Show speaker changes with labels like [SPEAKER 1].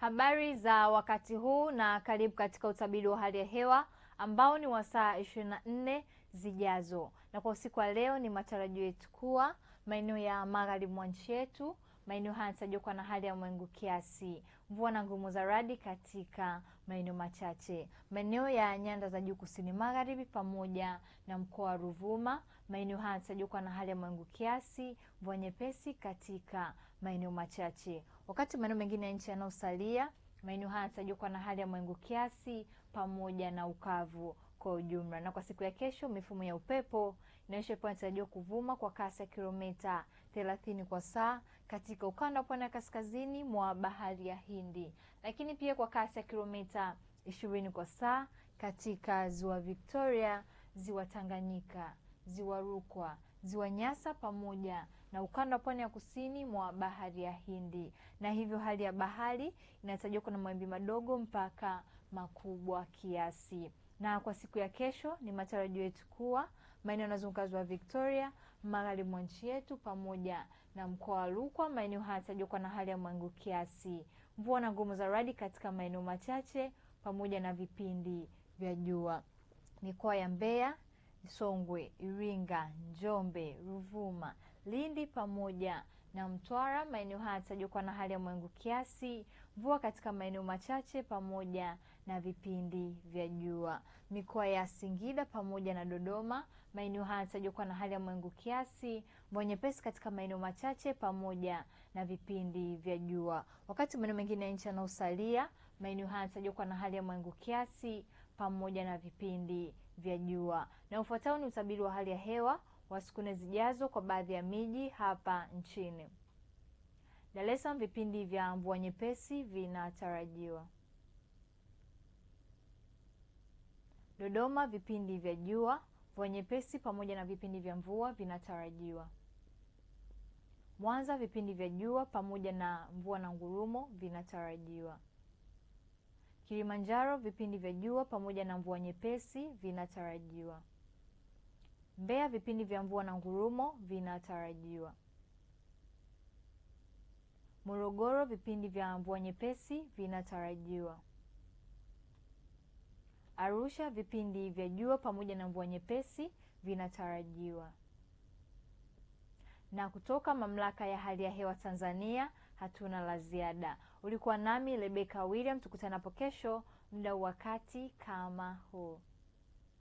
[SPEAKER 1] Habari za wakati huu na karibu katika utabiri wa hali ya hewa ambao ni wa saa 24 zijazo. Na kwa usiku wa leo, ni matarajio yetu kuwa maeneo ya magharibi mwa nchi yetu, maeneo haya yanatajwa kuwa na hali ya mawingu kiasi mvua na ngurumo za radi katika maeneo machache. Maeneo ya nyanda za juu kusini magharibi pamoja na mkoa wa Ruvuma, maeneo haya yanatarajiwa na hali ya mawingu kiasi, mvua nyepesi katika maeneo machache, wakati maeneo mengine ya nchi yanayosalia, maeneo haya yanatarajiwa na hali ya mawingu kiasi pamoja na ukavu kwa ujumla. Na kwa siku ya kesho, mifumo ya upepo inaonyesha kuwa inatarajiwa kuvuma kwa kasi ya kilomita 30 kwa saa katika ukanda wa pwani ya kaskazini mwa bahari ya Hindi, lakini pia kwa kasi ya kilomita 20 kwa saa katika ziwa Victoria, ziwa Tanganyika ziwa Rukwa, ziwa Nyasa pamoja na ukanda wa pwani ya kusini mwa bahari ya Hindi, na hivyo hali ya bahari inatajwa kuna mawimbi madogo mpaka makubwa kiasi. Na kwa siku ya kesho ni matarajio yetu kuwa maeneo yanazunguka ziwa Victoria, magharibi mwa nchi yetu pamoja na mkoa wa Rukwa, maeneo haya yanatajwa kuwa na hali ya mawingu kiasi, mvua na ngurumo za radi katika maeneo machache pamoja na vipindi vya jua. Mikoa ya Mbeya Songwe, Iringa, Njombe, Ruvuma, Lindi pamoja na Mtwara. Maeneo haya yatakuwa na hali ya mawingu kiasi, mvua katika maeneo machache pamoja na vipindi vya jua. Mikoa ya Singida pamoja na Dodoma, maeneo haya yatakuwa na hali ya mawingu kiasi, mvua nyepesi katika maeneo machache pamoja na vipindi vya jua. Wakati maeneo mengine ya nchi yanaosalia, maeneo haya yatakuwa na hali ya mawingu kiasi pamoja na vipindi vya jua. Na ufuatao ni utabiri wa hali ya hewa wa siku nne zijazo kwa baadhi ya miji hapa nchini. Dar es Salaam, vipindi vya mvua nyepesi vinatarajiwa. Dodoma, vipindi vya jua, mvua nyepesi pamoja na vipindi vya mvua vinatarajiwa. Mwanza, vipindi vya jua pamoja na mvua na ngurumo vinatarajiwa. Kilimanjaro vipindi vya jua pamoja na mvua nyepesi vinatarajiwa. Mbeya vipindi vya mvua na ngurumo vinatarajiwa. Morogoro vipindi vya mvua nyepesi vinatarajiwa. Arusha vipindi vya jua pamoja na mvua nyepesi vinatarajiwa. Na kutoka Mamlaka ya Hali ya Hewa Tanzania hatuna la ziada. Ulikuwa nami rebeka William, tukutanapo kesho muda wakati kama huu.